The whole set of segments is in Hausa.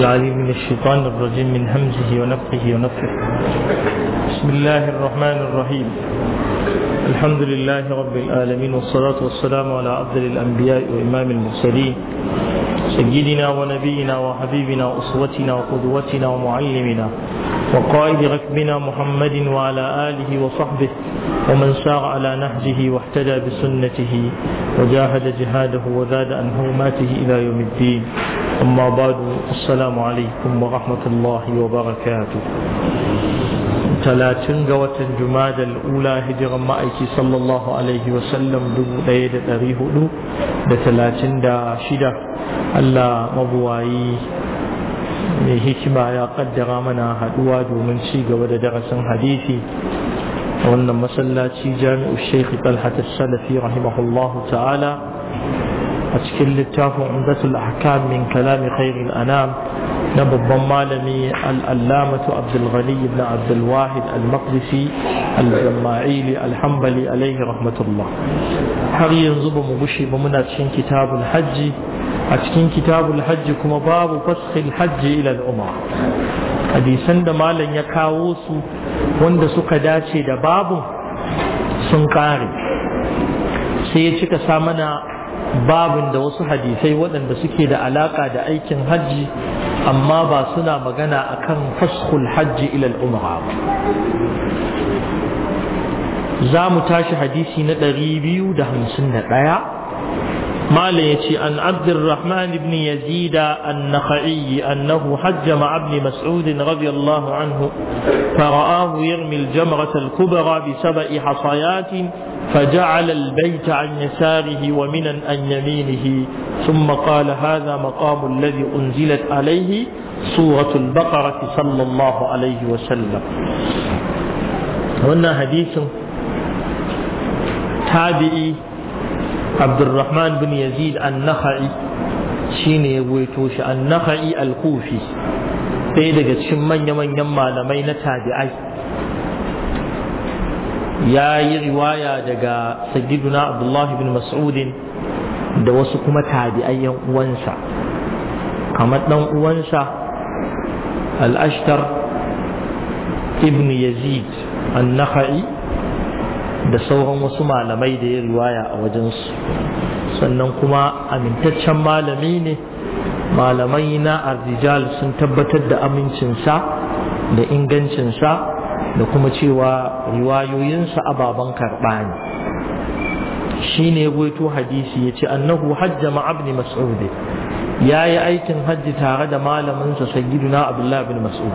العليم من الشيطان الرجيم من همزه ونفخه ونفخه بسم الله الرحمن الرحيم الحمد لله رب العالمين والصلاة والسلام على أفضل الأنبياء وإمام المرسلين سيدنا ونبينا وحبيبنا وأسوتنا وقدوتنا ومعلمنا وقائد ركبنا محمد وعلى آله وصحبه ومن سار على نهجه واحتدى بسنته وجاهد جهاده وزاد عن إلى يوم الدين أما بعد السلام عليكم ورحمة الله وبركاته talatin ga watan jumadal ula hijiran ma'aiki sallallahu alaihi wasallam dubu ɗaya da ɗari hudu da talatin da shida allah mabuwayi mai hikima ya kaddara mana haɗuwa domin ci gaba da darasin hadisi a wannan masallaci jami'u sheikh talhat salafi rahimahullahu ta'ala a cikin littafin umdatul ahkam min kalami khairul anam na babban malami al'allamatu abdulghani ibn abdulwahid al-maqdisi al-jama'ili al-hambali alaihi rahmatullah har yanzu ba mu gushe ba muna cikin kitabul hajji a cikin kitabul hajji kuma babu fashil hajji ila al'umma hadisan da malam ya kawo su wanda suka dace da babu sun kare sai ya cika sa mana babin da wasu hadisai waɗanda suke da alaƙa da aikin hajji amma ba suna magana akan fashkul hajji ilal umra ba za mu tashi hadisi na 251 مالي يتي عن عبد الرحمن بن يزيد النخعي أنه حج مع ابن مسعود رضي الله عنه فرآه يرمي الجمرة الكبرى بسبأ حصيات فجعل البيت عن يساره ومنا عن يمينه ثم قال هذا مقام الذي أنزلت عليه سورة البقرة صلى الله عليه وسلم هنا حديث تابعي abdurrahman bin yazid an-nakhai shine ya goyito shi an-nakhai al-kufi sai daga cikin manya-manyan malamai na tabi'ai ya yi riwaya daga Sajiduna abdullahi bin mas'udin da wasu kuma tabi'ai yan uwansa kamar dan uwansa al-ashtar ibn yazid an-nakhai da sauran wasu malamai da ya riwaya a wajensu sannan kuma amintaccen malami ne malamai na arzijal sun tabbatar da amincinsa da ingancinsa da kuma cewa riwayoyinsa ababen karɓa ne shi ne goito hadisi ya ce annahu hajja ma'abni mas'udi ya yi aikin hajji tare da malaminsa sayyiduna abdullah bin mas'ud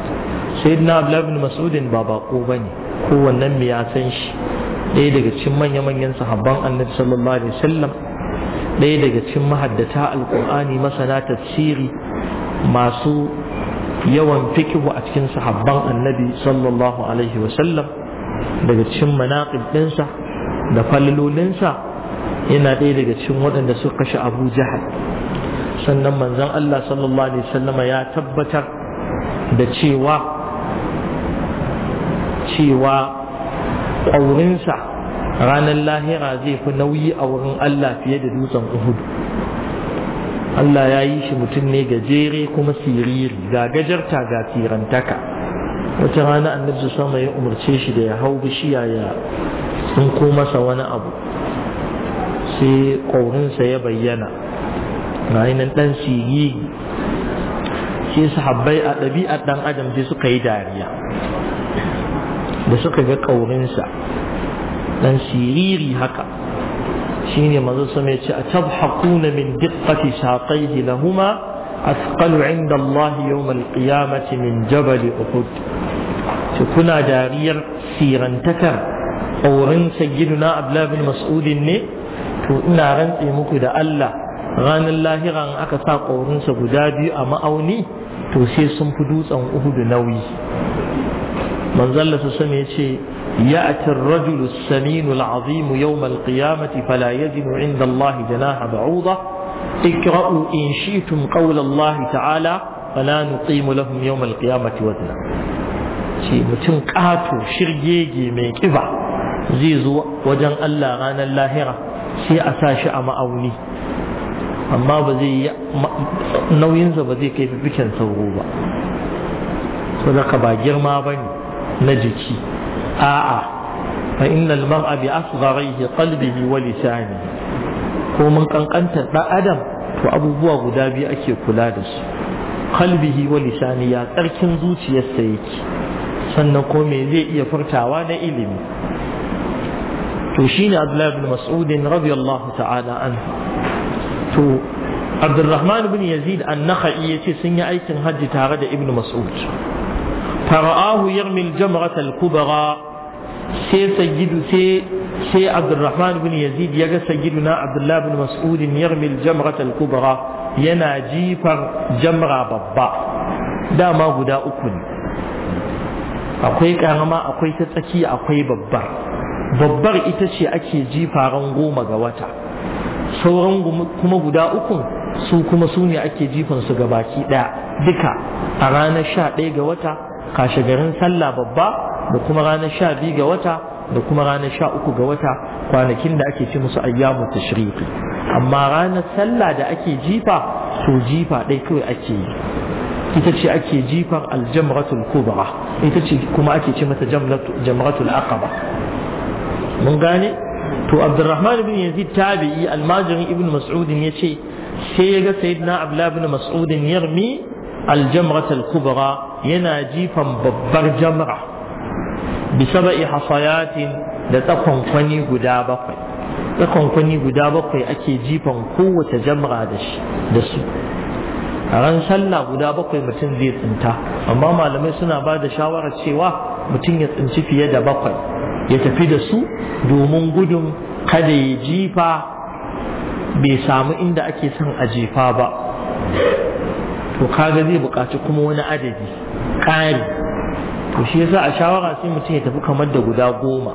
sayyiduna abdullah bin mas'udin ba bako ba ne kowannen mu ya san shi ɗaya daga cikin manya-manyan sahabban annabi sallallahu alaihi wasallam ɗaya daga cikin mahaddata alƙur'ani masana tafsiri masu yawan fikihu a cikin sahabban annabi sallallahu alaihi wasallam daga cikin manaqib ɗinsa da fallolinsa yana ɗaya daga cikin waɗanda suka kashe abu jahal sannan manzon Allah sallallahu alaihi wasallama ya tabbatar da cewa cewa a wurinsa ranar lahira zai fi nauyi a wurin Allah fiye da dutsen Uhud Allah ya yi shi mutum ne gajere kuma siriri ga gajarta ga firantaka wata rana annabi sama ya umarce shi da ya hau bishiya ya tsinko masa wani abu sai ƙaurinsa ya bayyana ranar dan siriri sai sahabbai a ɗabi'ar ɗan adam sai suka yi dariya da suka ga ƙaurinsa dan siriri haka shine manzo sama yace atabhaquna min diqqati saqayhi lahuma asqalu inda Allah yawm al-qiyamati min jabali Uhud to kuna dariyar sirantakar aurin sayyiduna na bin Mas'ud ne to ina rantse muku da Allah ranar lahiran aka sa ƙaurinsa guda biyu a ma'auni to sai sun fi dutsen uhudu nauyi manzon su sun ya ce ya atin rajul samin al'azim yawm al-qiyamah fala yajin inda Allah janaha ba'uda ikra'u in shi'tum qawl Allah ta'ala fala nuqim lahum yawm al-qiyamah wazna shi mutum kato shirgege mai kiba zai zo wajen Allah ranar lahira sai a sa shi a ma'auni amma ba zai nauyinsa ba zai kai fifikin sauro ba saboda ba girma ba ne na jiki a'a fa innal mar'a bi asgharihi qalbihi wa lisanihi ko mun kankantar da adam to abubuwa guda biyu ake kula da su qalbihi wa lisani ya tsarkin zuciyarsa yake sannan ko me zai iya furtawa na ilimi to shine Abdullah ibn Mas'ud radiyallahu ta'ala anhu to Abdurrahman ibn Yazid an-Nakhai yace sun yi aikin hajji tare da Ibn Mas'ud fara'ahu yarmil jamratal kubra sai sayyidu sai sai bin yazid ya ga sayyiduna abdullah bin mas'ud yarmil jamratal kubra yana jifar jamra babba dama guda uku akwai karama akwai ta tsaki akwai babbar babbar ita ce ake jifa goma ga wata sauran kuma guda uku su kuma sune ake jifan su ga baki ɗaya, duka a ranar sha ɗaya ga wata kashe garin sallah babba da kuma ranar sha biyu ga wata da kuma ranar sha uku ga wata kwanakin da ake ci musu ayyamu tashriqi amma ranar sallah da ake jifa to jifa ɗai kawai ake yi ita ce ake jifar aljamratul kubra ita ce kuma ake ci mata jamratul aqaba mun gane to abdurrahman ibn yazid tabi'i almajirin ibn Mas'udin ya ce sai ya ga sayyidina abdullah ibn mas'ud yarmi الجمرة الكبرى يناجيفا ببر جمرة بسبع حصيات لتقن فني قدابة تقن فني قدابة أكي جيفا قوة جمرة دش دسو ran sallah guda bakwai mutum zai tsinta amma malamai suna ba da shawarar cewa mutum ya tsinci fiye da bakwai ya tafi da su domin gudun kada ya jifa bai samu inda ake son a jifa ba to kaga zai buƙaci kuma wani adadi ƙari to shi yasa a shawara sai mutum ya tafi kamar da guda goma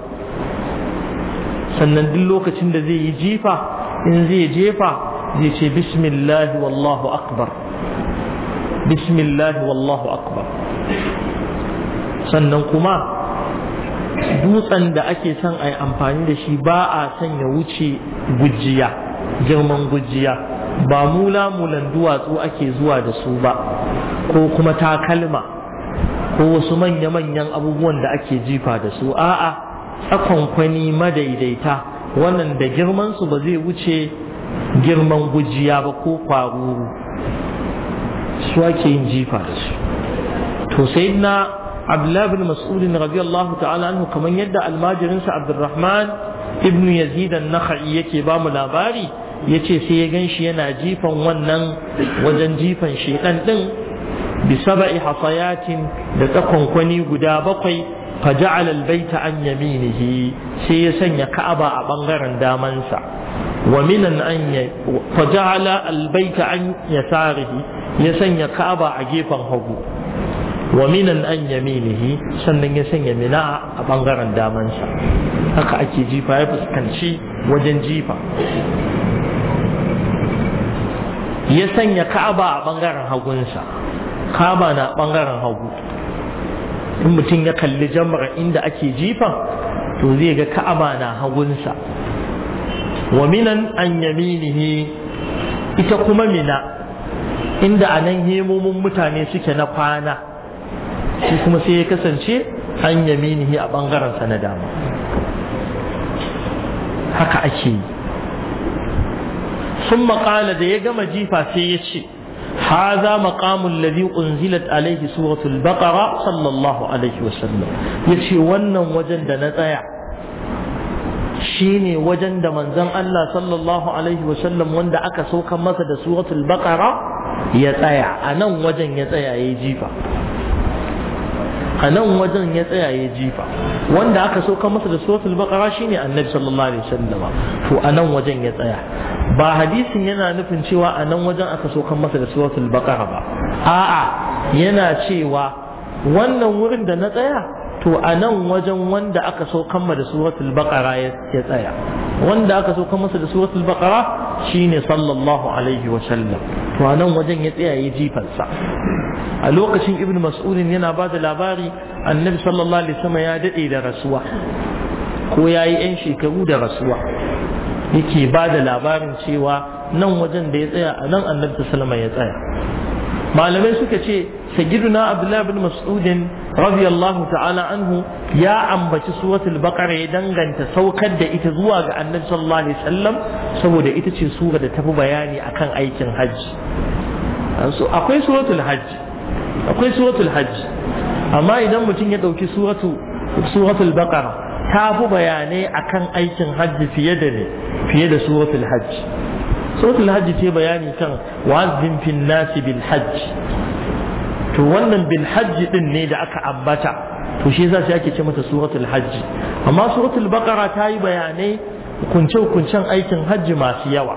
sannan duk lokacin da zai yi jifa in zai jefa zai ce bismillahi wallahu akbar bismillahi wallahu akbar sannan kuma dutsen da ake son a yi amfani da shi ba a son ya wuce gujiya girman gujiya ba mula mulan duwatsu ake zuwa da su ba ko kuma takalma ko wasu manya-manyan abubuwan da ake jifa da su a'a tsakonkwani madaidaita wannan da girmansu ba zai wuce girman gujiya ba ko kwaruru su ake yin jifa da su to sai na abdullahi bin mas'udin radiyallahu ta'ala anhu kamar yadda almajirinsa abdurrahman ibnu yazid an-nakhai yake ba mu labari ya ce sai ya gan shi yana jifan wannan wajen jifan shekan ɗin bi saba'i hasayatin da tsakonkwani guda bakwai fa ja'ala an yaminihi sai ya sanya ka'aba a ɓangaren damansa wa minan an ya fa ja'ala albayta an ya sanya ka'aba a gefen hagu wa minan an yaminihi sannan ya sanya mina a ɓangaren damansa haka ake jifa ya fuskanci wajen jifa ya sanya ka'aba a bangaren hagunsa ka'aba na bangaren hagu in mutum ya kalli jamar inda ake jifan to zai ga ka'aba na hagunsa wa minan an yaminihi ita kuma mina inda a nan hemomin mutane suke na kwana shi kuma sai ya kasance an yaminihi a bangaren sa na dama haka ake yi sun maƙala da ya gama jifa sai ya ce haza maƙamun ladhi unzilat alaihi suratul baqara sallallahu alaihi wasallam ya ce wannan wajen da na tsaya shine wajen da manzon Allah sallallahu alaihi wasallam wanda aka sauka masa da suratul baqara ya tsaya a nan wajen ya tsaya ya jifa a nan wajen ya tsaya ya jifa wanda aka sauka masa da suratul baqara shine annabi sallallahu alaihi wasallam to a nan wajen ya tsaya ba hadisin yana nufin cewa a nan wajen aka sauka masa da suratul baqara ba a'a yana cewa wannan wurin da na tsaya to a nan wajen wanda aka saukan ma da suratul baqara ya tsaya wanda aka saukan masa da suratul baqara shine sallallahu alaihi wa sallam to a nan wajen ya tsaya ya sa, a lokacin ibn mas'udin yana ba da labari annabi sallallahu alaihi wasallam ya dade da rasuwa ko ya yi 'yan shekaru da rasuwa yake ba da labarin cewa nan wajen da ya tsaya a nan annabi sallallahu alaihi ya tsaya malamai suka ce sayyiduna Abdullahi bin mas'udin radiyallahu ta'ala anhu ya ambaci suratul baqara ya danganta saukar da ita zuwa ga annabi sallallahu alaihi wasallam saboda ita ce sura da tafi bayani akan aikin hajji akwai suratul hajji akwai suratul hajji amma idan mutum ya dauki suratu suratul baqara ta fi bayanai akan aikin hajji fiye da fiye da suratul hajji suratul hajji ce bayani kan wa'azin fin nasi bil hajji to wannan bil hajji din ne da aka ambata to shi yasa sai ake ce mata suratul hajji amma suratul baqara ta yi bayanai ukunce hukuncen aikin hajji masu yawa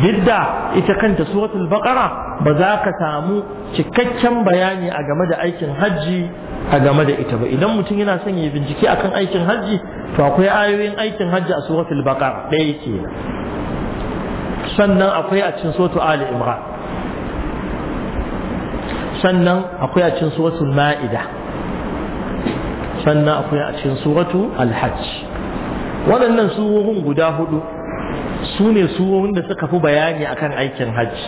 didda ita kanta suratul baqara ba za ka samu cikakken bayani a game da aikin hajji a game da ita ba idan mutum yana son ya bincike akan aikin hajji to akwai ayoyin aikin hajji a suratul baqara ɗaya kenan sannan akwai a cikin sotu ali imran sannan akwai a cikin suratul ma'ida sannan akwai a cikin suratu al waɗannan surorin guda hudu su ne surorin da suka fi bayani akan aikin hajji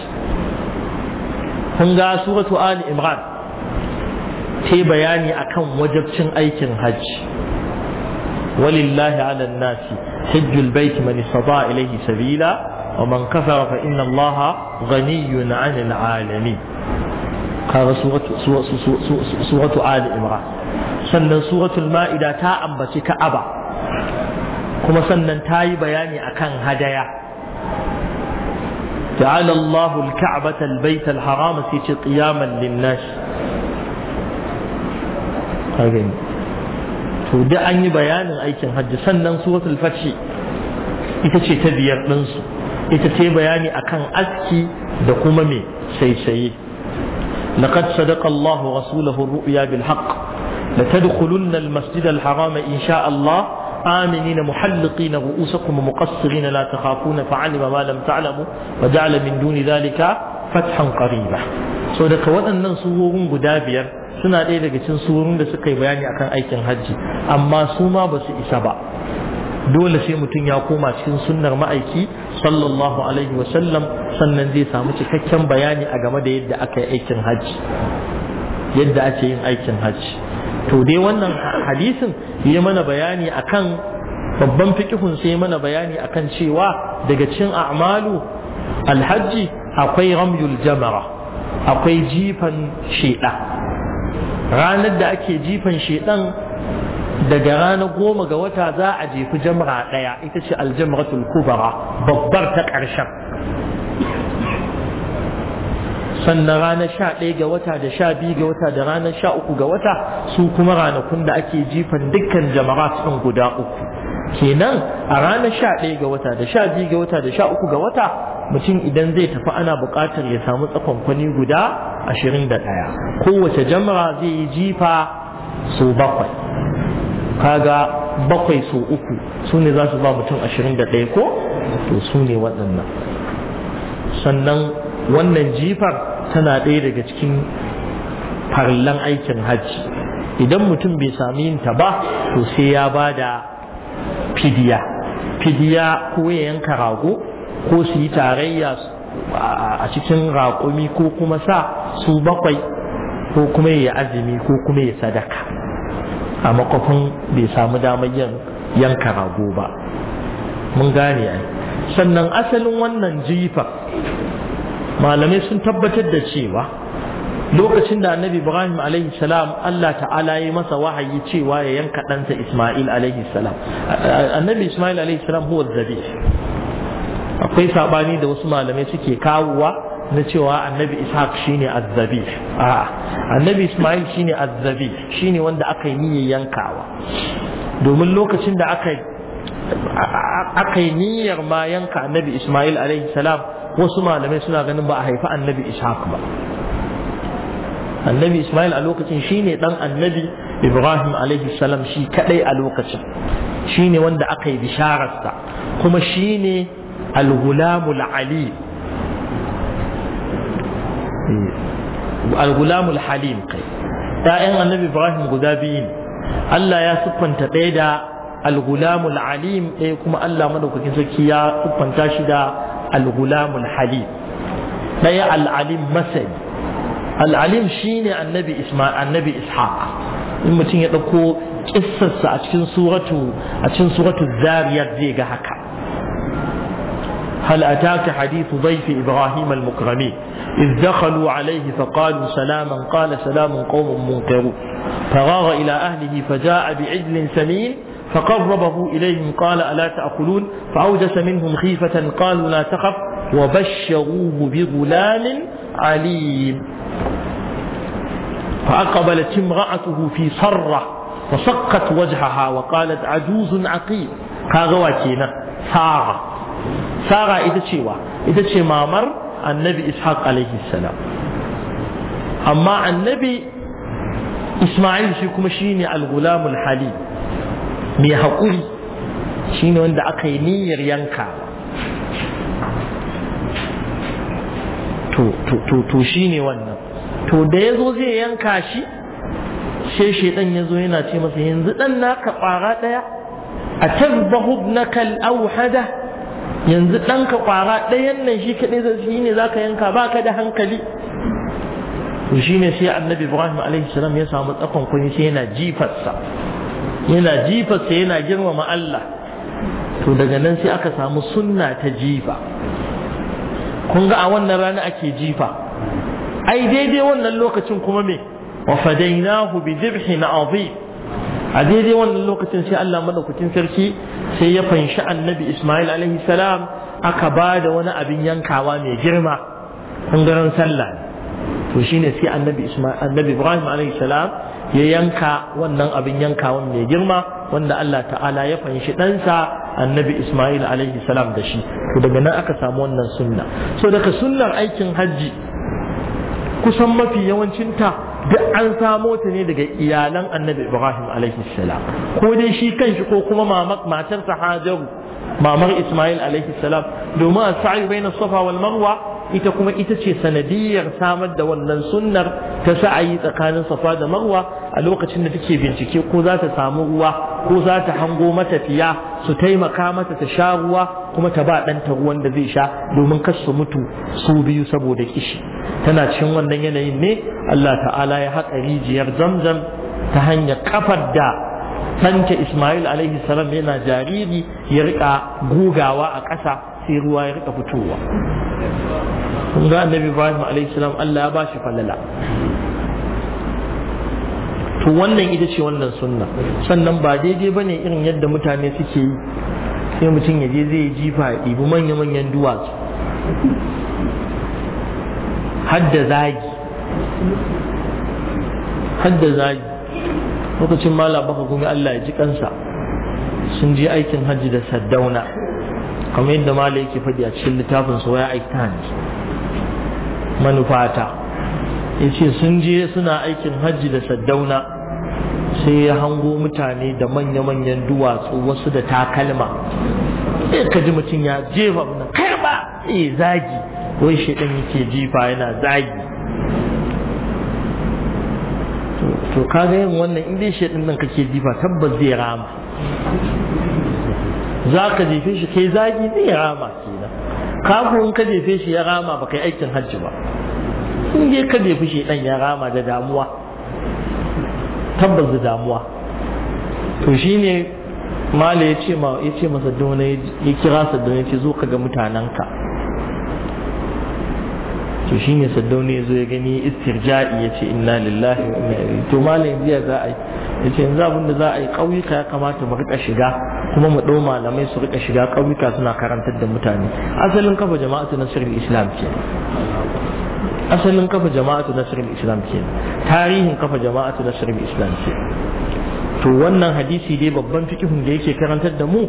kun ga suratu ali imran ta yi bayani akan wajabcin aikin hajji walillahi ala nasi hajjul baiti man istata ilayhi sabila ومن كفر فإن الله غني عن العالمين هذا سورة, سورة, سورة, سورة آل إمران سنة سورة المائدة تا أمبتي كأبا كما سنة تاي بياني أكان هدايا جعل الله الكعبة البيت الحرام سيتي قياما للناس هذا to da an yi bayanin aikin hajji sannan suratul fathi ita ce ta biyar ɗinsu ita ce bayani akan aski da kuma me saisaye laqad sadaqa Allah rasulahu ar-ru'ya da haqq la tadkhulunna al-masjid al-haram in sha Allah na محلقين رؤوسكم مقصرين لا تخافون فعلم ما لم تعلموا وجعل من دون ذلك فتحا قريبا so daga waɗannan surorin guda biyar suna ɗaya daga cikin surorin da suka yi bayani akan aikin hajji amma suma basu isa ba dole sai mutum ya koma cikin sunnar ma'aiki sallallahu alaihi wasallam sannan zai samu cikakken bayani a game da yadda aka yi aikin hajji yadda ake yin aikin hajji to dai wannan hadisin yi mana bayani akan babban fikihun sai mana bayani akan cewa daga cin a'malu alhaji akwai ramyul jamara akwai jifan sheda ranar da ake jifan shedan daga ranar goma ga wata za a jefi jamara ɗaya ita ce aljamratul kubara babbar ta ƙarshen sannan ranar sha ɗaya ga wata da sha biyu ga wata da ranar sha uku ga wata su kuma ranakun da ake jifan dukkan jama'a sun guda uku kenan a ranar sha ɗaya ga wata da sha biyu ga wata da sha uku ga wata mutum idan zai tafi ana buƙatar ya samu tsakonkwani guda ashirin da ɗaya kowace jamra zai yi jifa su bakwai kaga bakwai su uku su ne za su ba mutum ashirin da ɗaya ko to su ne waɗannan sannan wannan jifar tana ɗaya daga cikin farlan aikin hajji idan mutum bai sami yin ta ba to sai ya ba da fidiya fidiya ko ya yanka rago ko su yi tarayya a cikin raƙumi ko kuma sa su bakwai ko kuma ya azumi ko kuma ya sadaka a makwafin bai samu damar yanka rago ba mun gane ai sannan asalin wannan jifa malamai sun tabbatar da cewa lokacin da annabi ibrahim alaihi salam allah ta'ala ya masa wahayi cewa ya yanka ɗansa isma'il alaihi salam annabi isma'il alaihi salam huwa zabi akwai sabani da wasu malamai suke kawowa na cewa annabi ishaq shine azzabi a annabi ismail shine azzabi shine wanda aka yi niyyar yankawa domin lokacin da aka aka yi niyyar ma yanka annabi ismail alaihi salam wasu malamai suna ganin ba a haifi annabi ishaq ba annabi ismail a lokacin shine dan annabi ibrahim alaihi salam shi kadai a lokacin shine wanda aka yi bishararsa kuma shine al-ghulamul Ali. Eh, al-gulamul halim kai annabi ibrahim guda biyu ne Allah ya siffanta ɗaya da al-gulamul alim ɗaya kuma Allah madaukakin sarki ya siffanta shi da al-gulamul halim ɗaya Al'alim alim masani al-alim shine annabi annabi ishaq in mutum ya ɗauko ƙissarsa a cikin suratu a cikin suratu zai ga haka هل أتاك حديث ضيف إبراهيم المكرمين إذ دخلوا عليه فقالوا سلاما قال سلام قوم منكرون فراغ إلى أهله فجاء بعجل سمين فقربه إليهم قال ألا تأكلون فأوجس منهم خيفة قالوا لا تخف وبشروه بغلام عليم فأقبلت امرأته في صرة وسقت وجهها وقالت عجوز عقيم كاغوا كينا sara ita cewa ita ce mamar annabi ishaq alaihi salam amma annabi isma'il shi kuma shine al-gulamul hali mai haƙuri shine wanda aka yi niyyar yanka to shine wannan to da ya zo zai yanka shi sai shaidan ya zo yana ce masa yanzu dan naka ƙwara ɗaya a tazbahu ibnaka al-awhada yanzu ɗanka ƙwara ɗayan nan shi kaɗai zai shi ne zaka yanka ba ka da hankali to shi ne sai annabi ibrahim alaihi ya samu tsakon kuni sai yana jifarsa yana jifarsa yana girmama allah to daga nan sai aka samu sunna ta jifa kun ga a wannan rana ake jifa ai daidai wannan lokacin kuma me wa fadainahu bi dhibhin azim a daidai wannan lokacin sai Allah madaukakin sarki sai ya fanshi annabi Ismail alaihi salam aka ba da wani abin yankawa mai girma ɓangaren sallah to shine sai annabi Ismail annabi Ibrahim alaihi salam ya yanka wannan abin yankawan mai girma wanda Allah ta'ala ya fanshi ɗansa annabi Ismail alaihi salam da shi to daga nan aka samu wannan sunna so daga sunnar aikin hajji kusan mafi yawancinta duk an samo ta ne daga iyalan annabi ibrahim alaihi salam ko dai shi kanshi ko kuma matarsa hajaru mamar ismail alaihi salam domin a sa'i bai na safa wal marwa ita kuma ita ce sanadiyar samar da wannan sunnar ta sa'ayi tsakanin safa da marwa a lokacin da take bincike ko za ta samu ruwa ko za ta hango matafiya su taimaka mata ta sha ruwa kuma ta ba ɗanta ruwan da zai sha domin kar su mutu su biyu saboda kishi tana cikin wannan yanayin ne Allah ta'ala ya haƙa rijiyar zamzam ta hanyar kafar da ɗanta Ismail alaihi salam yana jariri ya riƙa gugawa a ƙasa sai ruwa ya rika fitowa kun ga annabi ibrahim alayhi salam Allah ya bashi falala to wannan ita ce wannan sunna sannan ba daidai bane irin yadda mutane suke yi sai mutum ya je zai jifa ya ɗibi manya-manyan duwatsu hadda zagi hadda zagi lokacin mala baka gumi Allah ya ji kansa sun je aikin hajji da saddauna kamar yadda malai yake faɗi a cikin littafin su waya aika manufata yace sun je suna aikin hajji da saddauna sai ya hango mutane da manya-manyan duwatsu wasu da takalma sai ka ji mutum ya jefa mana kai ba eh zagi wai shedan yake jifa yana zagi to kaga yin wannan inda shi shedan nan kake jifa tabbas zai rama za ka jefe shi kai zagi zai rama kenan kafin in ka jefe shi ya rama ba kai aikin hajji ba in je ka jefe shi dan ya rama da damuwa tabbas da damuwa to shine mala ya ce ma ya ce masa dona ya kira sa dona ya ce zo ka ga mutanenka to ne saddauni ya zo ya gani istirja'i ya ce inna lillahi wa inna ilaihi to malam yanzu za a yi ya ce yanzu abin da za a yi ƙauyuka ya kamata mu riƙa shiga kuma mu ɗau malamai su riƙa shiga ƙauyuka suna karantar da mutane asalin kafa jama'atu nasirin islam ke asalin kafa jama'atu nasirin islam ke tarihin kafa jama'atu nasirin islam ke to wannan hadisi dai babban fikihun da yake karantar da mu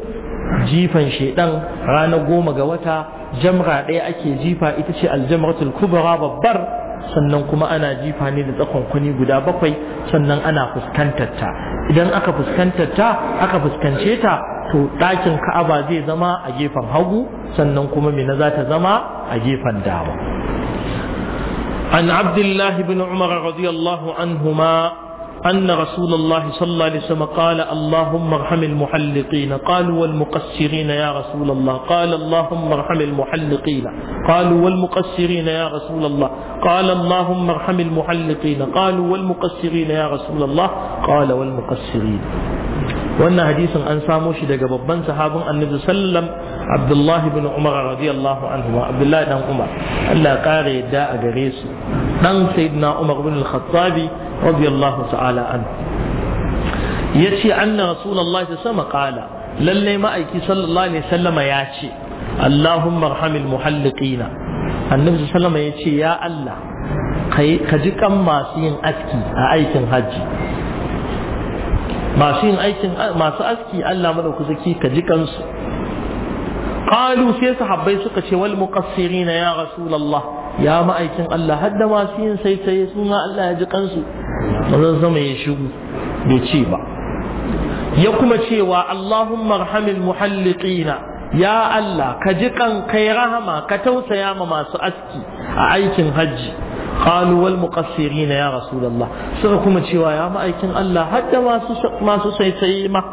jifan shedan ranar goma ga wata jamra ɗaya ake jifa ita ce aljamratul kubra babbar sannan kuma ana jifa ne da tsakon kuni guda bakwai sannan ana fuskantar ta idan aka fuskantar ta aka fuskance ta to ɗakin ka'aba zai zama a gefen hagu sannan kuma mina za ta zama a gefen dama an abdullahi bin umar radiyallahu anhuma أن رسول الله صلى الله عليه وسلم قال اللهم ارحم المحلقين قالوا والمقصرين يا رسول الله قال اللهم ارحم المحلقين قالوا والمقصرين يا رسول الله قال اللهم ارحم المحلقين قالوا والمقصرين يا رسول الله قال والمقصرين wannan hadisin an samo shi daga babban sahabin annabi sallam abdullahi bin umar radiyallahu anhu abdullahi dan umar Allah kare yadda a gare su dan sayyidina umar bin al-khattabi radiyallahu ta'ala anhu yace anna rasulullahi sallallahu alaihi qala lalle ma'aiki sallallahu alaihi sallama ya ce allahumma arhamil muhalliqina annabi sallallahu alaihi ya ce ya Allah ka ji kan masu yin aski a aikin hajji masu yin aikin masu aski Allah madaukaki ka ji kansu qalu sai sahabbai suka ce wal na ya rasulullah ya ma'aikin Allah hadda masu yin sai sai sun Allah ya ji kansu wannan bai ce ba ya kuma cewa Allahumma arhamil muhalliqina ya Allah ka ji kan kai rahama ka tausaya ma masu aski a aikin hajji qalu wal muqassirina ya rasulullah suka kuma cewa ya ma'aikin Allah hadda masu saisaye ma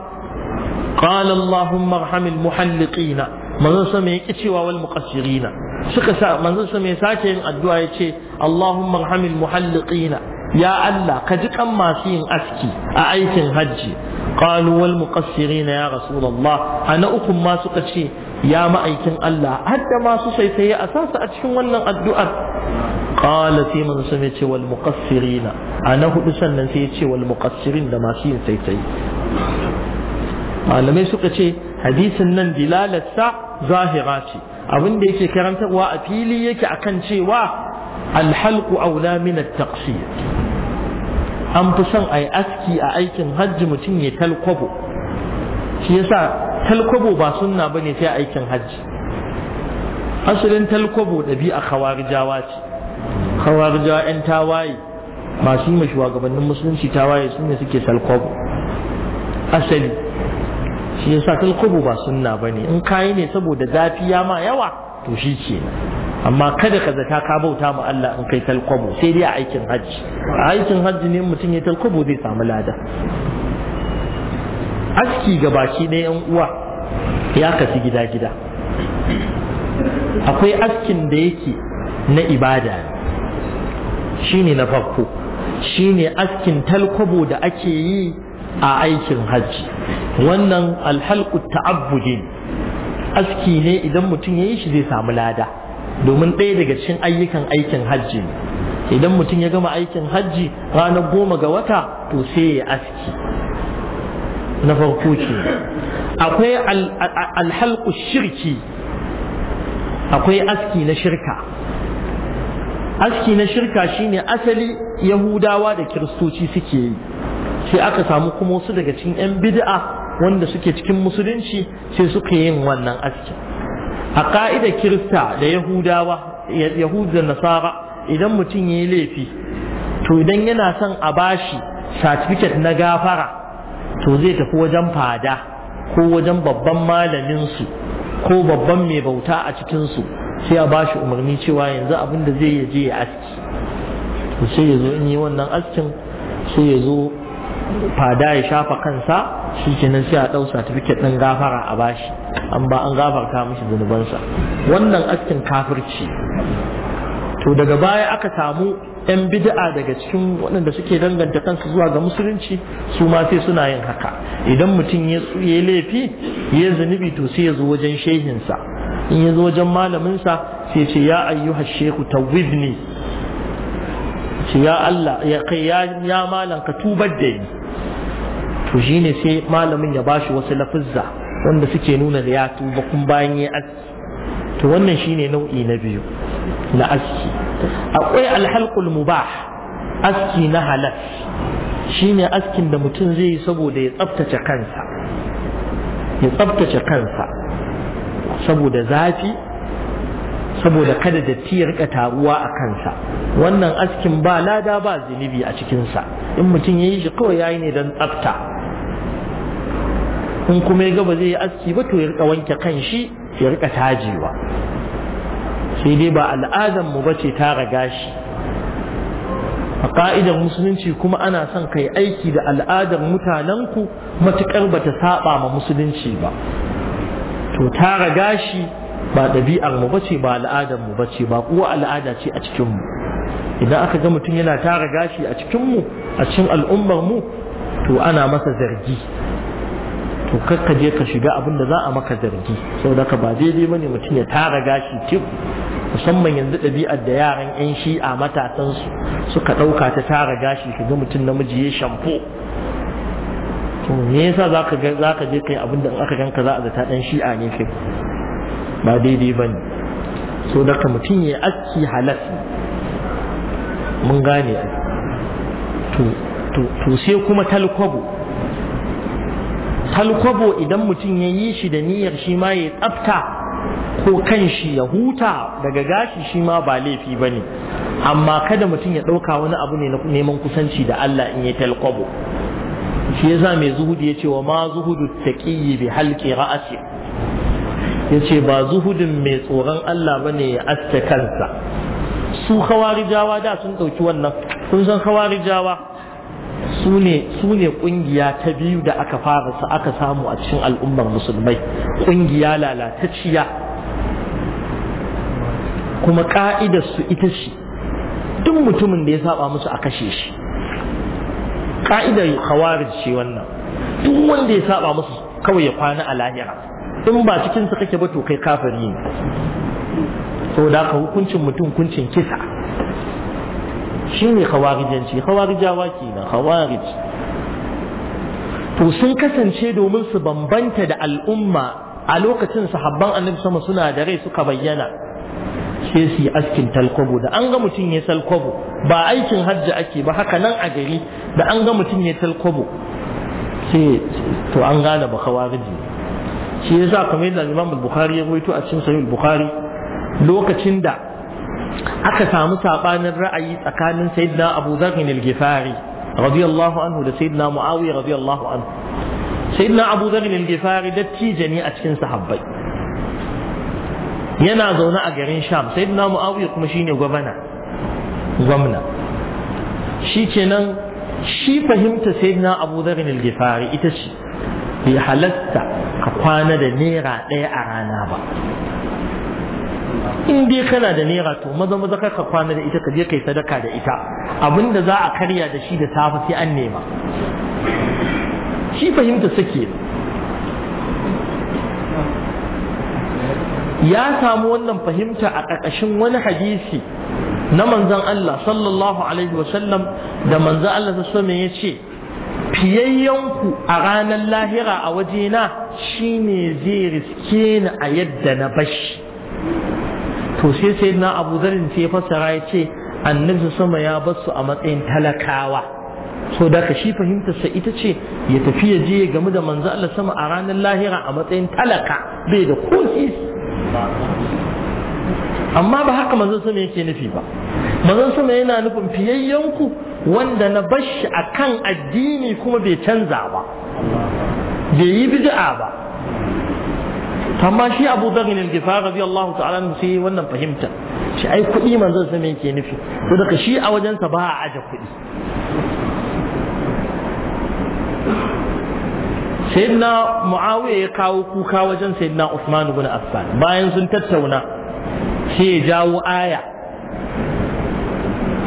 manzon sa mai yake cewa wal muqassirina suka sa manzon sa mai sake yin addu'a yace Allahumma arhamil muhalliqina ya Allah ka ji kan masu yin aski a aikin hajji qalu wal muqassirina ya rasulullah ana ukun ma suka ce ya ma'aikin Allah hadda masu saisaye a sasa a cikin wannan addu'ar qala sai manzon sa mai ce wal muqassirina ana hudu sannan sai ya ce wal muqassirin da masu yin saisaye malamai suka ce hadisin nan dilalarsa zahira ce abin da yake karantarwa a fili yake akan cewa alhalku aula min taqsir an fi son a yi aski a aikin hajji mutum ya talkwabo shi yasa talkwabo ba sunna bane sai aikin hajji asalin talkwabo ɗabi'a khawarijawa ce khawarijawa 'yan tawaye masu yi shugabannin musulunci tawaye su ne suke talkwabo asali shi yasa talkwabo ba sunna bane in kayi ne saboda zafi ya ma yawa to shi kenan amma kada ka zata ka bauta ma Allah in kai talqubu sai dai a aikin hajji a aikin hajji ne mutum ya talqubu zai samu lada aski ga baki ne yan uwa ya kasu gida gida akwai askin da yake na ibada shine na farko shine askin talkwabo da ake yi a aikin hajji wannan alhalku ta'abbudi aski ne idan mutum ya yi shi zai samu lada domin ɗaya daga cikin ayyukan aikin hajji ne idan mutum ya gama aikin hajji ranar goma ga wata to sai ya aski na farko ce akwai alhalku shirki akwai aski na shirka aski na shirka shine asali yahudawa da kiristoci suke yi sai aka samu kuma wasu daga cikin 'yan bid'a wanda suke cikin musulunci sai suka yin wannan aski a ka'idar kirista da yahudawa yahudu da nasara idan mutum ya yi laifi to idan yana son a bashi satifiket na gafara to zai tafi wajen fada ko wajen babban malaminsu ko babban mai bauta a cikinsu sai a bashi umarni cewa yanzu abin da zai yaje ya aski sai ya zo in yi wannan askin sai ya zo fada ya shafa kansa shi kenan sai a ɗau satifiket ɗin gafara a bashi an ba an gafarta mishi zunubansa wannan askin kafirci to daga baya aka samu yan bid'a daga cikin waɗanda suke danganta kansu zuwa ga musulunci su ma sai suna yin haka idan mutum ya yi laifi ya zunubi to sai ya zo wajen shehinsa in ya zo wajen malaminsa sai ce ya ayyuha shehu tawwibni ya Allah ya kai ya malam ka tubar da ni to ne sai malamin ya bashi wasu lafizza wanda suke nuna da ya tuba kun bayan ya aski to wannan shine nau'i na biyu na aski akwai alhalkul mubah aski na Shi shine askin da mutum zai yi saboda ya tsaftace kansa ya tsaftace kansa saboda zafi saboda kada datti ya rika taruwa a kansa wannan askin ba lada ba zunubi a cikinsa in mutum ya yi shi kawai ya yi ne don tsafta in kuma ya gaba zai yi aski ba to ya rika wanke kan shi ya rika tajewa sai dai ba al'adar mu bace ta raga shi a ka'idar musulunci kuma ana son kai aiki da al'adar mutanenku matukar ta saba ma musulunci ba to ta raga shi ba ɗabi'ar mu bace ba al'adar mu bace ba kuwa al'ada ce a cikin mu idan aka ga mutum yana tara gashi a cikin mu a cikin al'ummar mu to ana masa zargi to kakka je ka shiga abin da za a maka zargi saboda ka ba daidai ne mutum ya tara gashi tip musamman yanzu ɗabi'ar da yaran 'yan shi'a matasansu suka ɗauka ta tara gashi ka ga mutum namiji ya shamfo to me yasa za ka je kai abin da in aka ganka za a zata ɗan shi'a ne kai ba daidai ba ne so daga mutum ya aski halas mun gane to sai kuma talkwabo talkwabo idan mutum ya yi shi da niyyar shi ma ya tsafta ko kan shi ya huta daga gashi shi ma ba laifi ba ne amma kada mutum ya ɗauka wani abu ne na neman kusanci da Allah in ya talkwabo shi yasa mai zuhudu ya ce wa ma zuhudu taqiyyi bi halqi ra'asi ya ce ba zuhudin mai tsoron Allah ba ne ya aske kansa su jawa da sun ɗauki wannan kun san khawarijawa jawa su ne ƙungiya ta biyu da aka fara su aka samu a cikin al'ummar musulmai ƙungiya lalatacciya kuma ƙa'idar su ita ce duk mutumin da ya saba musu a kashe shi ka'idar khawarij ce wannan duk wanda ya saba musu kawai ya kwana a lahira in ba cikin su kake ba to kai kafiri ne saboda ka hukuncin mutum hukuncin kisa shine khawarijanci khawarijawa kenan khawarij to sun kasance domin su bambanta da al'umma a lokacin sahabban annabi sama suna da rai suka bayyana sai su yi askin talkwabo da an ga mutum ya talkwabo ba aikin hajji ake ba haka nan a gari da an ga mutum ya talkwabo sai to an gane ba khawariji shi yasa kamar yadda Imam Bukhari ya rawaito a cikin Sahih Bukhari lokacin da aka samu sabanin ra'ayi tsakanin Sayyidina Abu Dharr al-Ghifari radiyallahu anhu da Sayyidina Muawiya radiyallahu anhu Sayyidina Abu Dharr al-Ghifari dattijo ne a cikin sahabbai yana zaune a garin Sham Sayyidina Muawiya kuma shine gwamna gwamna shikenan shi fahimta Sayyidina Abu Dharr al-Ghifari ita ce bai halasta ka kwana da naira ɗaya a rana ba in dai kana da naira to maza maza ka kwana da ita ka je kai sadaka da ita abinda za a karya da shi da safe sai an nema shi fahimta suke ya samu wannan fahimta a ƙarƙashin wani hadisi na manzan Allah sallallahu alaihi wasallam da manzon Allah ta alaihi ya ce fiyayyanku a ranar lahira a wajena shine zai riske ni a yadda na bashi to sai sai na abu zarin sai fassara ya ce annabi sama ya basu a matsayin talakawa so da ka shi sa ita ce ya tafi ya je ya gamu da manzo Allah sama a ranar lahira a matsayin talaka bai da ko amma ba haka manzo sama yake nufi ba manzo sama yana nufin fiyayyanku wanda na bashi akan addini kuma bai canza ba bai yi bid'a ba amma shi Abu Dharr ne al-Ghifari ta'ala anhu sai wannan fahimta shi ai kuɗi manzon sa me yake nufi to daga shi a wajensa ba a aje kuɗi sayyidina Muawiya ya kawo kuka wajen sayyidina Usman ibn Affan bayan sun tattauna sai ya jawo aya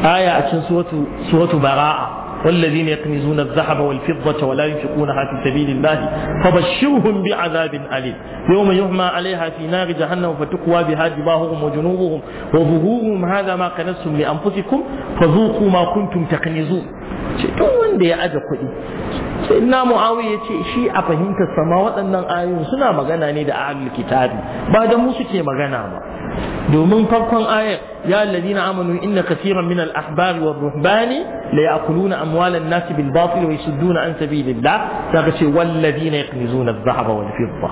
aya a cikin suratu suratu bara'a والذين يكنزون الذهب والفضة ولا ينفقونها في سبيل الله فبشرهم بعذاب أليم يوم يهمى عليها في نار جهنم فتقوى بها جباههم وجنوبهم وظهورهم هذا ما كنزتم لأنفسكم فذوقوا ما كنتم تكنزون duk wanda ya aje kuɗi sai na mu'awiya ce shi a fahimtar sama waɗannan ayoyin suna magana ne da ahlul kitabi ba da musu ke magana ba domin farkon ayar ya na amanu inna kaseeran min al-ahbari wa ruhbani la ya'kuluna amwalan nas bil batil wa yasudduna an sabilillah saka ce wallazina yaqnizuna adh-dhahaba wal fidda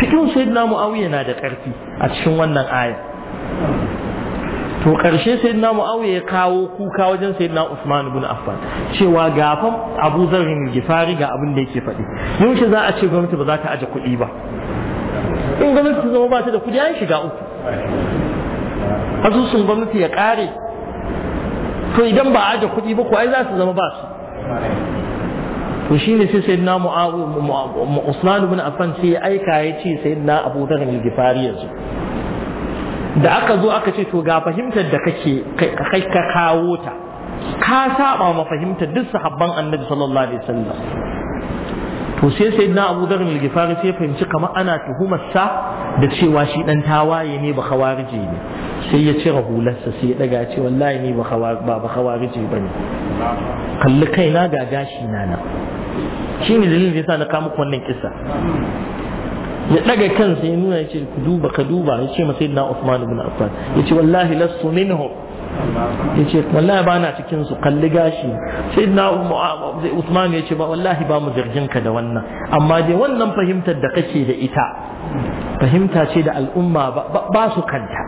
fikin sayyidina muawiya na da karfi a cikin wannan aya to karshe sayyidina muawiya ya kawo kuka wajen sayyidina usman ibn affan cewa gafan abu zarrin gifari ga abin da yake faɗi yaushe za a ce gwamnati ba za ta aje kuɗi ba in gwamnati ta zama ba ta da kuɗi an shiga uku asusun gwamnati ya kare to idan ba a da kuɗi ba ko ai za su zama ba su to shi ne sai sayyidina mu'awu Usman ibn Affan sai ya aika ya ce sayyidina Abu Dharr al-Ghifari yanzu da aka zo aka ce to ga fahimtar da kake kai ka kawo ta ka saba ma fahimtar duk sahabban Annabi sallallahu alaihi wasallam to sai sai na abu zarar al sai fahimci kamar ana tuhumar sa da cewa shi dan tawaye ne ba khawarije ne sai ya cire hularsa sai ya daga ce wallahi ne ba ba ba bane kalli kai na ga gashi na nan ne dalilin da yasa na kawo muku wannan kissa ya daga kansa ya nuna ya ce ku duba ka duba ya ce ma na Uthman ibn Affan ya ce wallahi lasu minhum ya ce wallahi ba na cikin kalli gashi sai na usman ya ce ba wallahi ba mu zargin ka da wannan amma dai wannan fahimtar da kake da ita fahimta ce da al'umma ba su kanta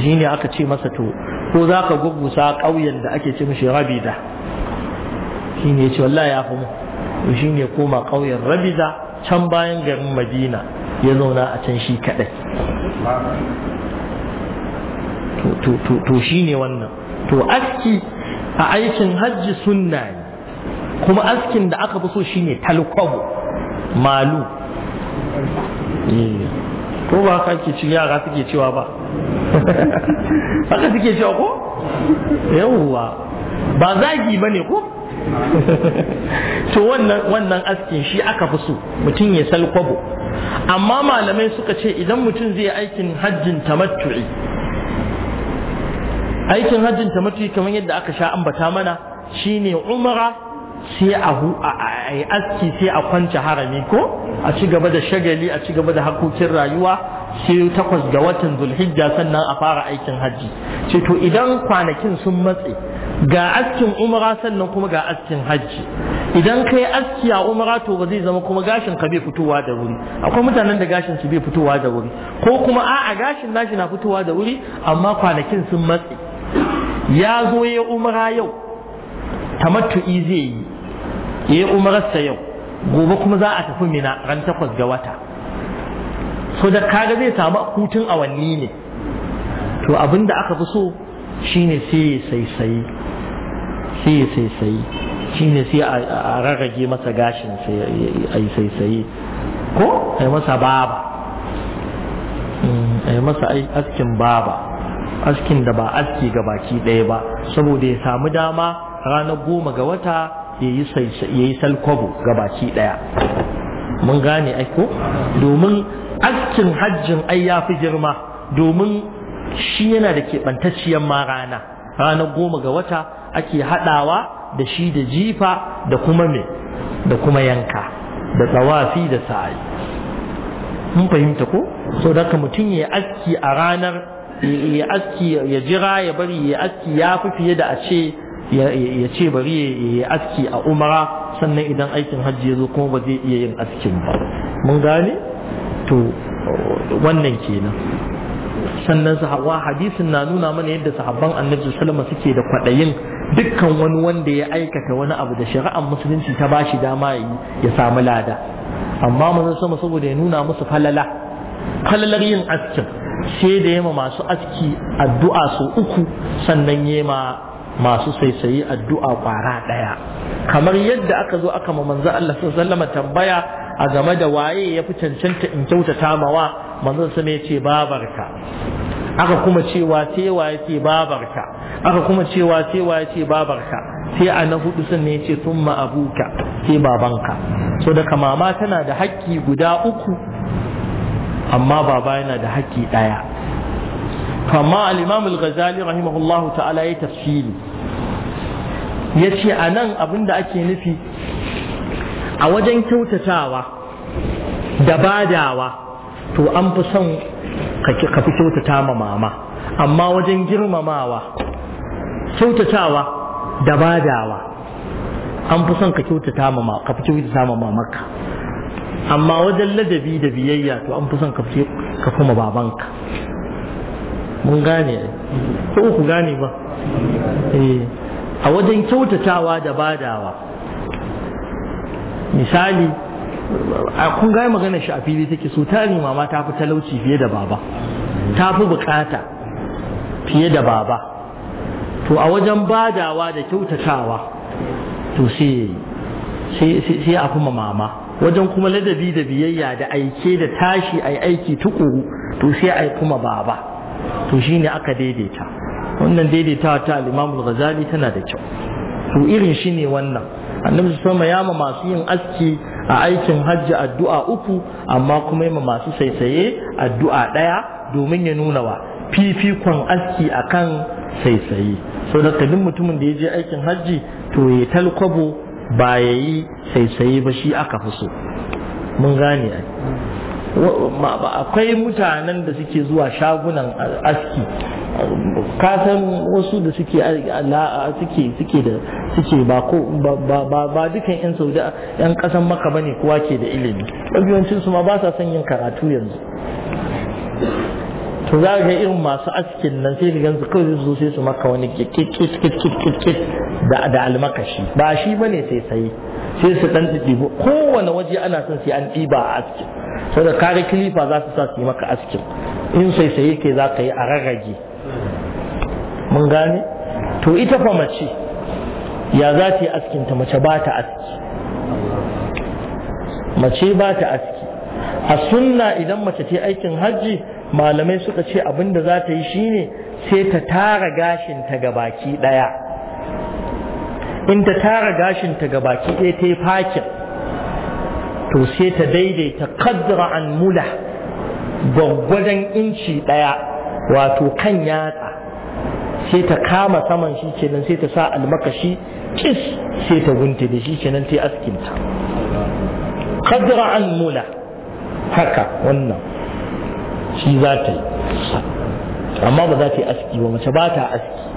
shi ne aka ce masa to ko za ka gugusa ƙauyen da ake ce mishi rabida shi ne ya ce wallahi ya fi mu shi ne koma ƙauyen rabida can bayan garin madina ya zauna a can shi kaɗai to shine wannan to aski a aikin hajji sunna ne kuma askin da aka fi so shine talkwabo malu eh. ko ba haka ke ci yara suke cewa ba haka suke cewa ko yawwa ba zagi ba ne ko to wannan askin shi aka fi so mutum ya salkwabo amma malamai suka ce idan mutum zai aikin hajjin tamattu'i aikin hajjin ta mutu kamar yadda aka sha ambata mana shine umara sai a hu a aski sai a kwance harami ko a ci gaba da shagali a ci gaba da hakokin rayuwa sai takwas ga watan zulhijja sannan a fara aikin hajji ce to idan kwanakin sun matse ga askin umara sannan kuma ga askin hajji idan kai aski a umara to ba zai zama kuma gashin ka bai fitowa da wuri akwai mutanen da gashin su bai fitowa da wuri ko kuma a'a gashin nashi na fitowa da wuri amma kwanakin sun matse ya zo ya umara yau tamattu'i zai yi ya yi umararsa yau gobe kuma za a tafi mina ran takwas ga wata so da kaga zai samu hutun awanni ne to abin da aka fi so shine sai sai sai sai sai sai shine sai a rarrage masa gashin sai sai sai ko ai masa baba mm, ai masa askin baba askin da ba aski ga baki ɗaya ba saboda ya samu dama ranar goma ga wata ya yi salkwabo ga baki ɗaya mun gane aiko domin askin hajjin ai ya fi girma domin shi yana da keɓantacciyar ma rana ranar goma ga wata ake haɗawa da shi da jifa da kuma me da kuma yanka da tsawafi da sa'ayi mun fahimta ko Sau da mutum ya aski a ranar ya aski ya jira ya bari ya aski ya fi fiye da a ce ya ce bari ya aski a umara sannan idan aikin hajji ya zo kuma ba zai iya yin askin ba mun gane to wannan kenan sannan sahawa hadisin na nuna mana yadda sahabban annabi sallama suke da kwaɗayin dukkan wani wanda ya aikata wani abu da shari'ar musulunci ta bashi dama ya samu lada amma mun sama saboda ya nuna musu falala falalar yin askin sai da yema masu aski addu'a sau uku sannan yema masu saisaye addu'a kwara ɗaya kamar yadda aka zo aka ma manzo Allah wasallam tambaya a game da waye ya fi cancanta in kyautata mawa manzo sama ya ce babarka aka kuma cewa sai waye ce babarka aka kuma cewa sai waye ce babarka sai a na hudu sun ne ce sun abuka sai babanka so daga mama tana da haƙƙi guda uku amma baba yana da haƙƙi ɗaya amma al-imam al-ghazali rahimahullahu ta'ala ya tafsiri ya ce anan abin da ake nufi a wajen kyautatawa da badawa to an fi son ka fi kyautata ma mama amma wajen girmamawa kyautatawa da badawa an fi son ka kyautata ma mamarka amma wajen ladabi da biyayya to an fi son ka fi mababanka babanka mun gane ko ku gane ba eh. a wajen kyautatawa da badawa misali a kun gaya magana shi a fili take so tari mama ta fi talauci fiye da baba ta fi bukata fiye da baba to a wajen badawa da kyautatawa to sai a fi mama wajen kuma ladabi da biyayya da aike da tashi ai aiki tukuru to sai ai kuma baba to shine aka daidaita wannan daidaitawa ta al-Imam ghazali tana da kyau to irin shine wannan annabi sai ya ma masu yin aski a aikin hajji addu'a uku amma kuma ya ma masu saisaye addu'a ɗaya domin ya nuna wa fifikon aski akan saisaye saboda da mutumin da ya je aikin hajji to ya talkwabo ba ya yi saisaye ba shi aka fi so mun gane akwai mutanen da suke zuwa shagunan aski kasan wasu da suke suke suke da suke ba ko ba dukan yan saudi yan kasan maka bane kowa ke da ilimi mafiyancin su ma ba sa son yin karatu yanzu to za ga irin masu askin nan sai ka gansu kawai su sai su maka wani kit kit kit da almakashi ba shi ba ne sai sai sai su ɗan tsibi kowane waje ana son sai an ɗiba a askin saboda kare kilifa za su sa su yi maka askin in sai sai yake za ka yi a rarrage mun gane to ita fa mace ya za ta yi askinta mace ba ta aski mace ba ta aski a sunna idan mace ta aikin hajji malamai suka ce abin da za ta yi shine sai ta tara gashinta ga baki ɗaya in ta tara gashinta ga baki ɗaya ta yi fakin to sai ta daidaita kadra an mula gwaggwadon inci ɗaya wato kan yatsa sai ta kama saman shi kenan sai ta sa almakashi kis sai ta gunta da shi kenan ta yi askinta kadra an mula haka wannan shi za ta yi amma ba za ta yi aski ba mace ba ta aski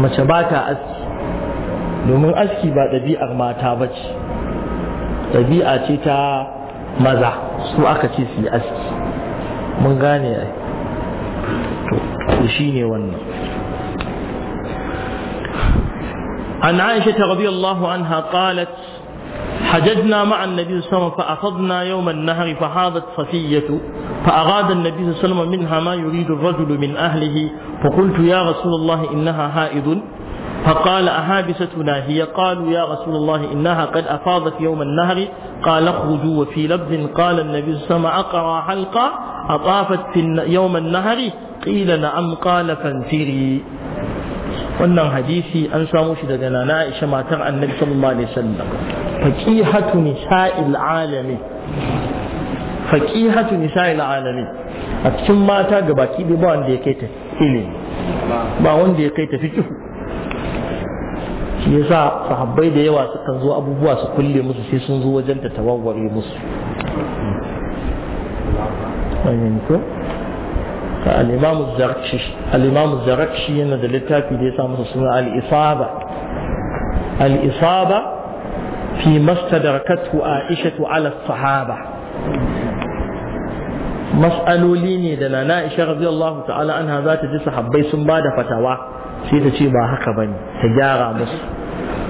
mace ba ta aski domin aski ba ɗabi'ar mata ba ce ɗabi'a ce ta maza su aka ce su yi aski mun gane to shi ne wannan an aisha ta rabi Allahu anha haƙalat. حججنا مع النبي صلى الله عليه وسلم فأخذنا يوم النهر فحاضت صفية فأراد النبي صلى الله عليه وسلم منها ما يريد الرجل من أهله فقلت يا رسول الله إنها حائض فقال أهابستنا هي قالوا يا رسول الله إنها قد أفاضت يوم النهر قال اخرجوا وفي لفظ قال النبي صلى الله عليه وسلم أقرى حلقة أطافت في يوم النهر قيل نعم قال فانفري wannan hadisi an samu shi daga nana Aisha matar Annabi sallallahu alaihi wasallam فقيهة نساء العالم فقيهة نساء العالم أتكلم ما تجب أكيد ما عندي كيت إلين ما عندي كيت في شوف يسا صحبي ده يواس كنزو أبو بواس كل يوم سوسي سنزو وجن تتوه يمس فهمتوا الإمام الزركشي الإمام الزركشي إن دلتها في ديسا مسلسل الإصابة الإصابة fi mastadarakatu aishatu ala sahaba mas'aloli ne da na na'isha radiyallahu ta'ala anha za ji sahabbai sun ba da fatawa sai ta ce ba haka bane ta gyara musu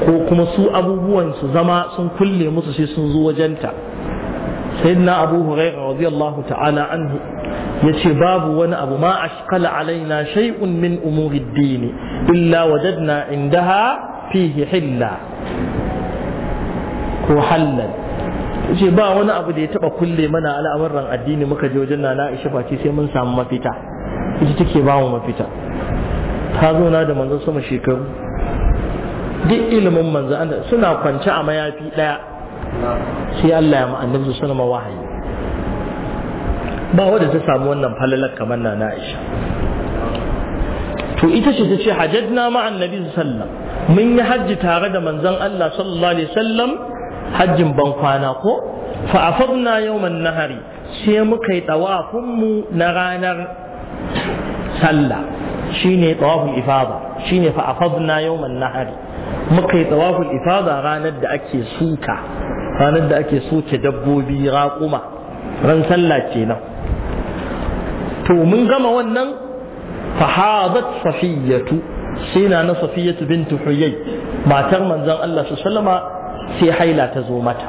ko kuma su abubuwan su zama sun kulle musu sai sun zo wajenta sayyidina abu hurairah radiyallahu ta'ala anhu yace babu wani abu ma ashqala alaina shay'un min umuri illa din illa wajadna indaha fihi hilla ko hallal ce ba wani abu da ya taba kulle mana al'amuran addini muka je wajen nana Aisha face sai mun samu mafita ita take ba mu mafita ta zo na da manzon sama shekaru duk ilimin manzo Allah suna kwance a mayafi daya sai Allah ya suna ma wahayi ba wanda ta samu wannan falalar kamar nana Aisha to ita ce ta ce hajjadna ma'an nabi sallam mun yi hajji tare da manzon Allah sallallahu alaihi wasallam hajjin ban kwana ko fa afadna yawman nahari sai muka yi tawafin mu na ranar sallah shine tawaful ifada shine fa afadna yawman nahari muka yi tawaful ifada ranar da ake suka ranar da ake soke dabbobi raƙuma ran sallah kenan to mun gama wannan fahadat safiyatu sai na na safiyatu bintu huyay matar manzon Allah su sallama sai haila ta zo mata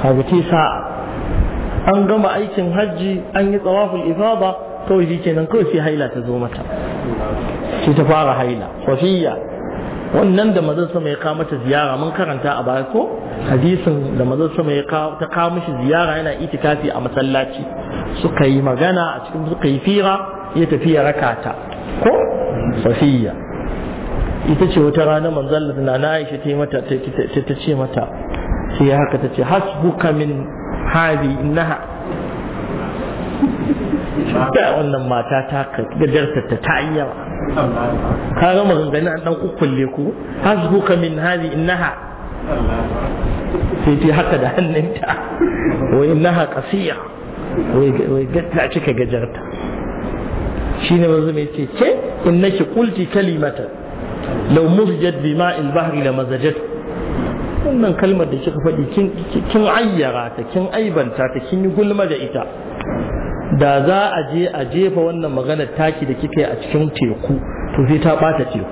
kaga sa an gama aikin hajji an yi tsawaful ifada kawai shi kenan kawai sai haila ta zo mata sai ta fara haila wannan da mazan sama ya kawo mata ziyara mun karanta a baya ko hadisin da mazan sama ya kawo ta kawo mishi ziyara yana itikafi a masallaci suka yi magana a cikin suka yi fira ya tafi ya raka ko safiya ita ce wata rana manzon Allah na Aisha ta mata ta ce mata sai haka ta ce hasbuka min hadi innaha ta wannan mata ta gajarta ta ta yi yawa ka ga maganganun an dan kukkulle ku hasbuka min hadi innaha sai ta haka da hannunta wai innaha qasiya wai ta cika gajarta shi ne wanzu mai ce ce innaki qulti kalimatan lau muzjat bi ma'il bahri la wannan kalmar da kika faɗi kin ayyara ta kin aibanta ta kin yi gulma da ita da za a je a jefa wannan maganar taki da kika yi a cikin teku to sai ta ɓata teku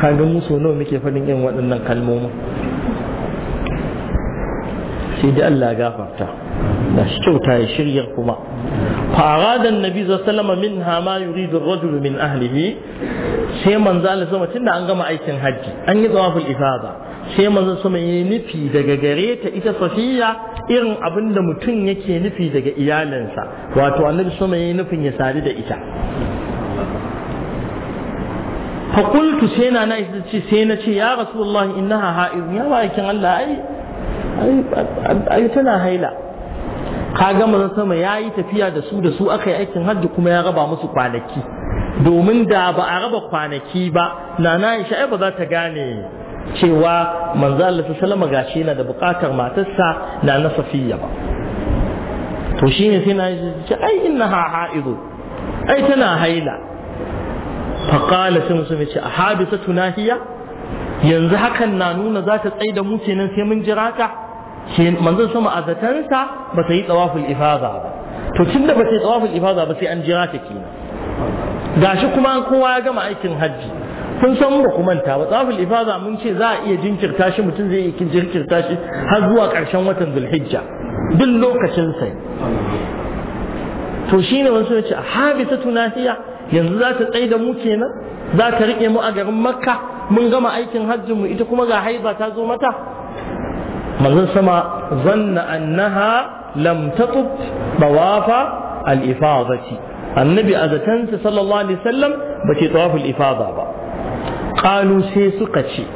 kaga musu nawa muke faɗin irin waɗannan kalmomin sai dai Allah ya gafarta da shi kyauta ya shirya kuma fa'arada annabi sallama min hama yuridu ar-rajulu min ahlihi sai manzo Allah sama tunda an gama aikin hajji, an yi tsawaful ifada sai manzo sama ya nufi daga gare ta ita safiya irin abin da mutum yake nufi daga iyalinsa wato annabi sama ya nufin ya sadu da ita فقلت سينا نايس ce يا رسول الله إنها هائز يا وايكن Allah ai ai tana haila Ka ga manzon sama yi tafiya da su da su aka yi aikin hajji kuma ya raba musu kwanaki domin da ba a raba kwanaki ba na Aisha ai ba za ta gane cewa manzo Allah sallama gashi yana da bukatar matarsa na na Safiya ba to shine sai na ce ai innaha ha'idu ai tana haila fa qala sun sun ce ahabisatu nahiya yanzu hakan na nuna za ta tsaye da mu kenan sai mun jira ta manzon sama a zatansa ba ta yi tsawaful ifaza ba to tun da ba ta yi tsawaful ifaza ba sai an jira ta kenan gashi kuma kowa ya gama aikin hajji kun san ba ku manta ba tsawaful ifaza mun ce za a iya jinkirta shi mutum zai iya jinkirta shi har zuwa ƙarshen watan zulhijja duk lokacin sai to shine wasu ya ce habisatu nahiya yanzu za ta tsaye da mu kenan za ta riƙe mu a garin makka mun gama aikin hajjin mu ita kuma ga haiba ta zo mata manzon sama zanna annaha lam tatub tawafa al-ifadati annabi azatansa sallallahu alaihi wasallam bace tawaf al-ifada ba qalu sai suka ce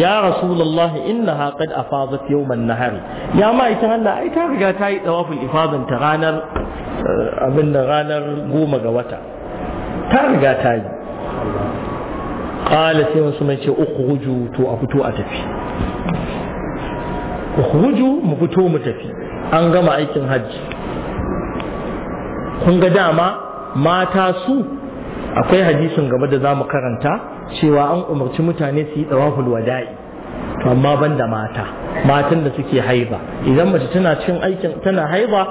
ya rasulullahi innaha qad afadat yawm an-nahar ya ma ita Allah ai ta riga ta yi tawaf al-ifadan ta ranar eh, abin da ranar goma ga wata ta riga ta yi ƙala sai wasu mai ce huju to a fito a tafi huju mu fito mu tafi an gama aikin hajji kun ga dama mata su akwai hadisin gaba da zamu karanta cewa an umarci mutane su yi tsawaful wada'i to amma ban da mata matan da suke haiba idan mace tana cin aikin tana haiba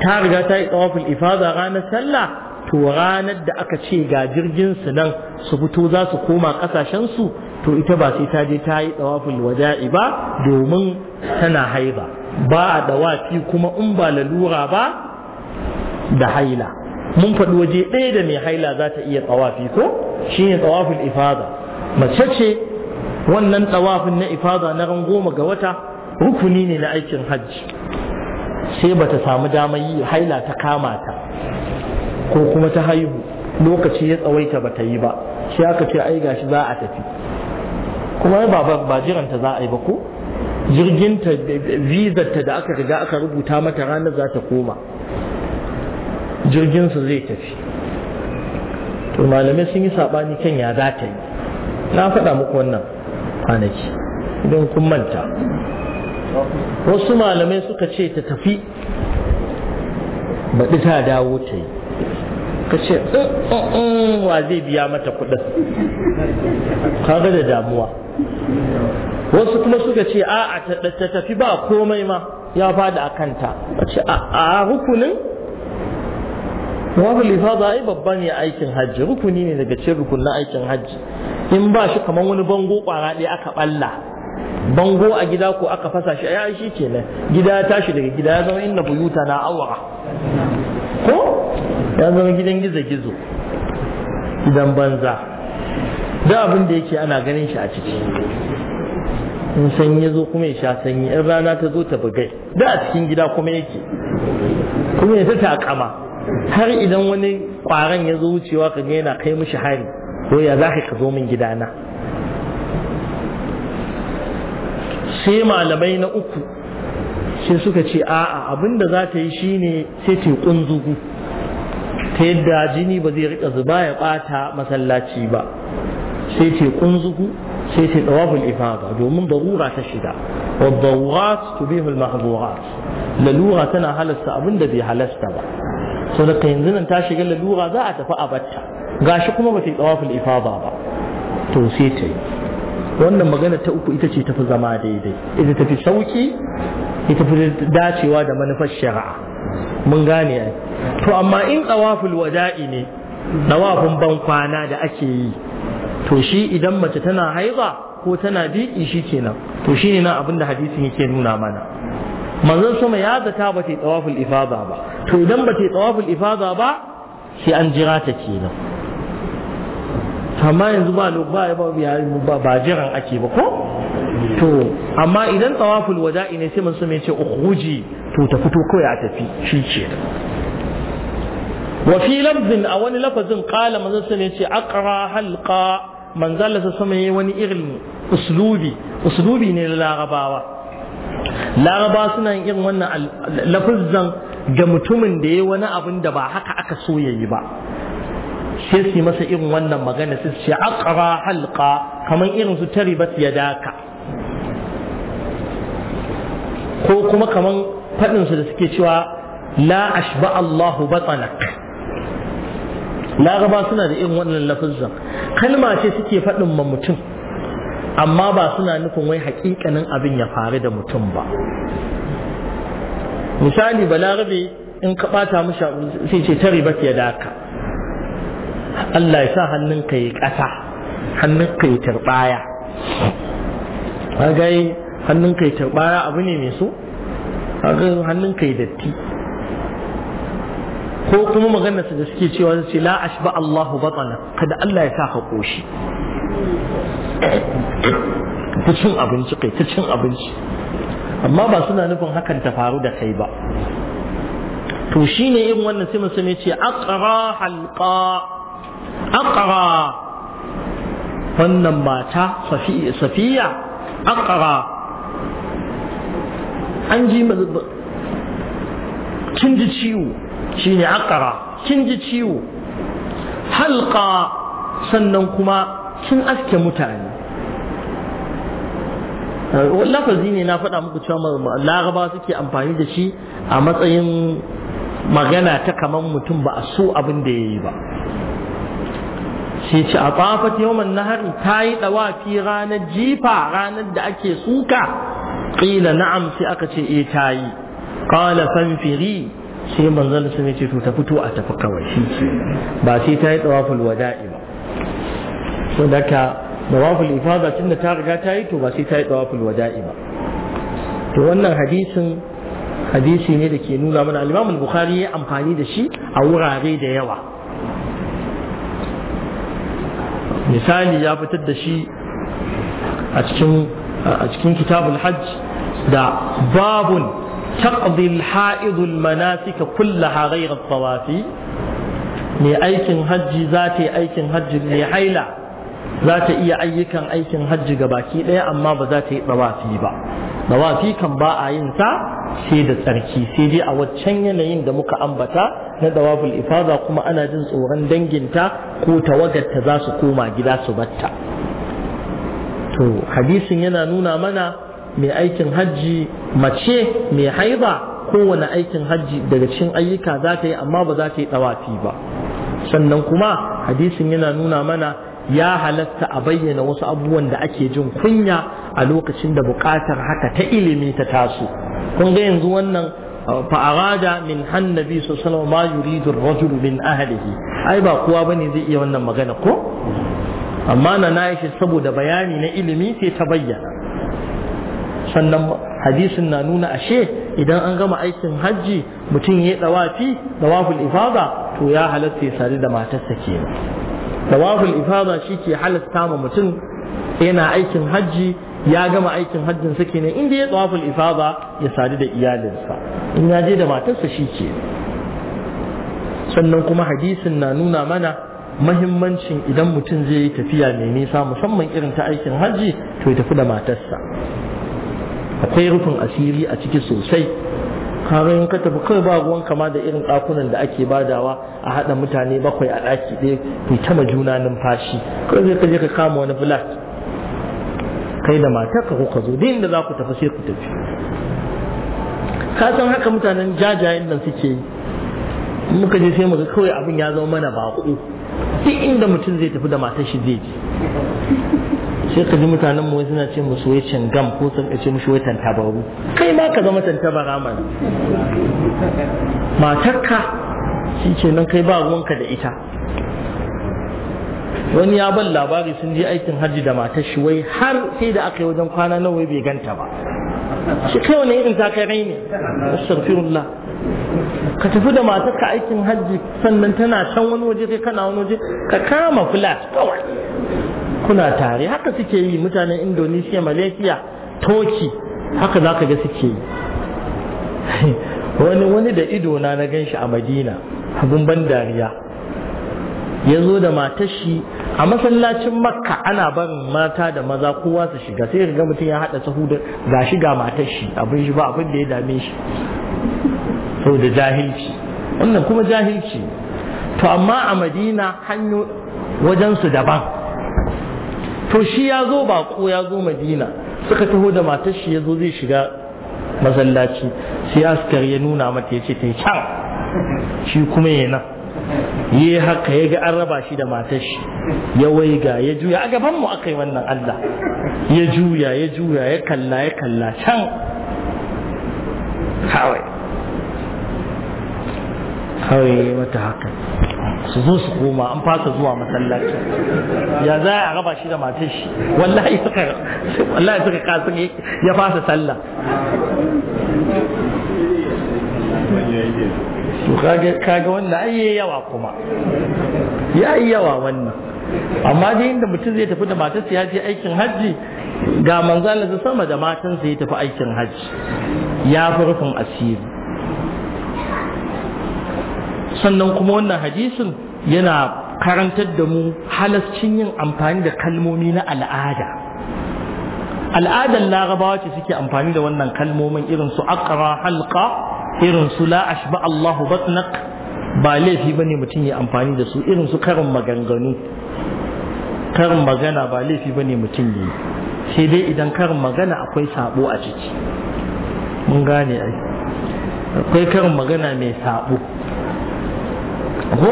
ta riga ta yi ifaza ifada ranar sallah to ranar da aka ce ga jirgin su nan su fito za su koma kasashen su to ita ba sai ta je ta yi dawaful wada'i ba domin tana haiba ba a dawafi kuma in ba lalura ba da haila mun faɗi waje ɗaya da mai haila za ta iya tsawafi ko shi ne tsawafin ifada mace ce wannan tsawafin na ifada na ran goma ga wata rukuni ne na aikin hajji sai bata samu damar yi haila ta kama ta ko kuma ta haihu lokaci ya tsawaita ba ta yi ba shi aka ce ai gashi za a tafi kuma ba ba jiranta za a yi ba ko jirginta ta da aka riga aka rubuta mata ranar za ta koma su zai tafi to malamai sun yi saɓani kan ya za ta yi na faɗa muku wannan kwanaki don kun manta wasu malamai suka ce ta tafi baɗi ta dawo ta yi ka ce eh, eh, eh, wa zai biya mata kuɗin kaga da damuwa wasu kuma suka ce a ta tafi ba komai ma ya fada a kanta a ce a rukunin wafin lifada ai babba ne aikin hajji rukuni ne daga cikin rukunin aikin hajji in ba shi kamar wani bango kwara ɗaya aka ɓalla, bango a gida ko aka fasa shi ai shi kenan gida ya tashi daga gida ya zama inna buyuta na awara ko ya zama gidan gizo-gizo gidan banza da abin da yake ana ganin shi a ciki in sanyi zo kuma ya sha sanyi in rana ta zo ta bugai da a cikin gida kuma yake kuma ya ta takama har idan wani kwaran ya zo wucewa ka ga yana kai mishi hari ko ya za ka zo min gidana sai malamai na uku sai suka ce a'a abin da za ta yi shine sai ta yi ta yadda jini ba zai rika zuba ya bata masallaci ba sai ce kunzuhu sai ce dawabul ifada domin darura ta shiga wa dawurat tubihu al mahdhurat lalura tana halasta abin da bai halasta ba so da yanzu nan ta shiga lalura za a tafi a batta gashi kuma ba ta dawabul ifada ba to sai ta yi wannan magana ta uku ita ce tafi zama daidai ita tafi sauki ita tafi dacewa da manufar shari'a mun gane ai to amma in tsawafin wada'i ne tsawafin ban kwana da ake yi to shi idan mace tana haiza ko tana diki shi kenan to shine nan abin da hadisin yake nuna mana manzon sama ya zata ba ta tsawafin ifada ba to idan ba ta tsawafin ifada ba sai an jira ta kenan amma yanzu ba ba ba jiran ake ba ko to amma idan tawaful wada'i ne sai mun so mai ce to ta fito kawai a tafi shi ce wa fi lafzin a wani lafazin qala manzo sai ne ce aqra halqa manzo Allah wani irin uslubi uslubi ne na larabawa larabawa suna yin irin wannan lafazan ga mutumin da yayi wani abin da ba haka aka so yayi ba sai su yi masa irin wannan magana sai su ce aqra halqa kamar irin su taribat yadaka ko kuma kaman faɗinsu da suke cewa la ashba Allahu batsanak laraba suna da irin wannan lafazan kalma ce suke faɗin ma mutum amma ba suna nufin wai hakikanin abin ya faru da mutum ba misali balarabe in ka ɓata mishi sai ce ta riba ya daka Allah ya sa hannunka ya ƙasa hannunka ya tarbaya hannun kai ta baya abu ne mai so kaga hannun kai datti ko kuma maganar da suke cewa su ce la ashba Allahu batana kada Allah ya sa ka ƙoshi. ta cin abinci kai ta cin abinci amma ba suna nufin hakan ta faru da kai ba to shi ne irin wannan sai mutum ya ce aqra halqa aqra wannan mata safiya aqra an ji kin ji ciwo Shi shine akara kin ji ciwo Halka, sannan kuma kin aske mutane lafazi ne na faɗa muku cewa laraba suke amfani da shi a matsayin magana ta kamar mutum ba a so abin da ya yi ba sai ce a tsafat yawan nahari ta yi ɗawafi ranar jifa ranar da ake suka qila na'am sai aka ce eh tayi qala fanfiri sai manzon sun ce to ta fito a tafi kawai shi ke ba sai ta yi tawaful wada'i ba so daga tawaful ifada da ta riga ta yi to ba sai ta yi tawaful wada'i ba to wannan hadisin hadisi ne da ke nuna mana al-Imam al-Bukhari ya amfani da shi a wurare da yawa misali ya fitar da shi a cikin a cikin kitabul hajj da babun taqdi al-ha'id al-manasik kullaha ghayra tawafi mai aikin hajji za ta yi aikin hajji mai haila za ta iya ayyukan aikin hajji ga baki ɗaya amma ba za ta yi tawafi ba Tawafi kan ba a yin sa sai da tsarki sai dai a waccan yanayin da muka ambata na dawaful ifada kuma ana jin tsoron danginta ko tawagarta za su koma gida su batta to hadisin yana nuna mana mai aikin hajji mace mai haiba kowane aikin hajji daga cikin ayyuka za ta yi amma ba za ta yi dawafi ba sannan kuma hadisin yana nuna mana ya halatta a bayyana wasu abubuwan da ake jin kunya a lokacin da buƙatar haka ta ilimi ta taso kun ga yanzu wannan uh, fa'arada min hannabi sallallahu alaihi ma yuridu ar-rajulu min ahlihi ai ba kowa bane zai iya wannan magana ko amma na na saboda bayani na ilimi sai ta bayyana sannan hadisin na nuna ashe idan an gama aikin hajji mutum ya dawafi dawaful ifada to ya halatta ya sadu da matarsa kenan dawaful ifada ke halatta ma mutum yana aikin hajji ya gama aikin hajjin sa kenan inda ya dawaful ifada ya sadu da iyalinsa in ya je da matarsa shi ke sannan kuma hadisin na nuna mana mahimmancin idan mutum zai yi tafiya mai nisa musamman irin ta aikin hajji to ya tafi da matarsa akwai rufin asiri a ciki sosai karin ka tafi kai ba ruwan kama da irin ɗakunan da ake badawa a haɗa mutane bakwai a ɗaki ɗaya ku ta ma juna numfashi kai zai kaje ka kama wani flat kai da matar ka kuka zo duk inda za ku tafi sai ku tafi ka san haka mutanen jajayen nan suke yi muka je sai muka kawai abin ya zama mana baƙo duk inda mutum zai tafi da matar shi zai je sai ka ji mutanen mu suna ce musu wai gam ko sun ce musu wai tantabaru kai ma ka zama tantabara Matar matarka shi ke nan kai ba ruwanka da ita wani ya ban labari sun je aikin hajji da matar shi wai har sai da aka yi wajen kwana nawa bai ganta ba shi kai wani irin zakarai ne astaghfirullah ka tafi da matar ka aikin hajji sannan tana can wani waje kai kana wani waje ka kama flat kawai kuna tare haka suke yi mutanen indonesia malaysia toki haka za ka ga suke yi wani da ido na na gan shi a madina abin ban dariya ya zo da matar shi a masallacin makka ana barin mata da maza kowa su shiga sai ga mutum ya haɗa sahu da ga shi ga matar shi abin shi ba abin da ya dame shi sau da jahilci wannan kuma jahilci to amma a madina hanyo wajensu daban to shi ya zo baƙo ya zo madina suka taho da matar shi ya zo zai shiga masallaci sai askar ya nuna mata ya ce ta yi can shi kuma yana yi haka ya ga an raba shi da matar shi ya waiga ya juya a gaban mu aka yi wannan Allah ya juya ya juya ya kalla ya kalla can kawai kawai ya mata haka su zo su koma an fasa zuwa masallaci ya za a raba shi da matar shi wallahi suka wallahi suka kasu ya fasa sallah to kaga wannan ai yawa kuma ya yi yawa wannan amma dai inda mutum zai tafi da matarsa ya je aikin hajji ga manzala su sama da matansa ya tafi aikin hajji ya fi rufin asiri sannan kuma wannan hadisin yana karantar da mu halascin yin amfani da kalmomi na al'ada al'adar larabawa ce suke amfani da wannan kalmomin irin su akara halka irin su la ashba Allahu batnak ba laifi bane mutum ya amfani da su irin su karin maganganu karin magana ba laifi bane mutum ya yi sai dai idan karin magana akwai sabo a ciki mun gane ai akwai karin magana mai sabo ko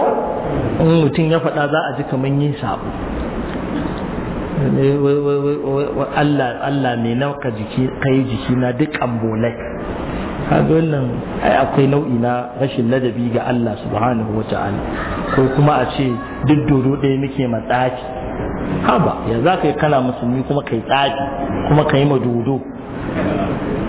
in mutum ya faɗa za a ji kamar yin sabo Allah mai nauka jiki kai jiki na duk ambolai kaga wannan ai akwai nau'i na rashin ladabi ga Allah subhanahu wa ta'ala ko kuma a ce duk dodo ɗaya muke matsaki haba ya za ka yi kana musulmi kuma kai tsaki, kuma ka yi ma dodo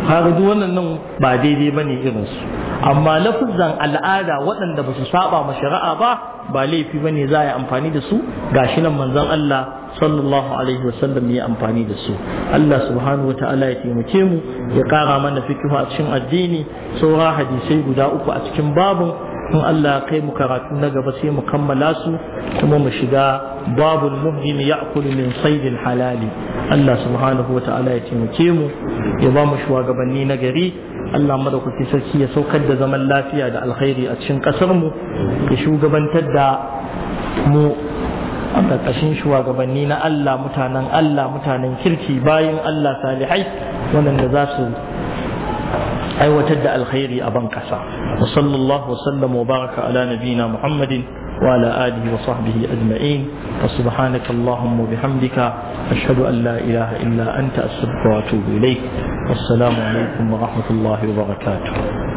kaga duk wannan nan ba daidai bane su. amma lafuzan al'ada waɗanda ba su saba ma shari'a ba ba laifi ba ne za a yi amfani da su gashi nan manzon Allah sallallahu alaihi wasallam ya amfani da su Allah subhanahu wa ta'ala ya taimake mu ya kara mana fikihu a cikin addini saura hadisai guda uku a cikin babun in Allah kai mu karatu na gaba sai mu kammala su kuma mu shiga babul muhrim ya'kul min saydil halali Allah subhanahu wa ta'ala ya taimake mu ya ba mu shugabanni na gari Allah madaukaki sarki ya saukar da zaman lafiya da alkhairi a cikin kasar mu ya shugabantar da mu a ƙarƙashin shugabanni na Allah mutanen Allah mutanen kirki bayan Allah salihai waɗanda za su aiwatar da alkhairi a ban ƙasa wa sallallahu wa sallam wa baraka ala nabina muhammadin وعلى آله وصحبه أجمعين وسبحانك اللهم وبحمدك أشهد أن لا إله إلا أنت أستغفرك وأتوب إليك والسلام عليكم ورحمة الله وبركاته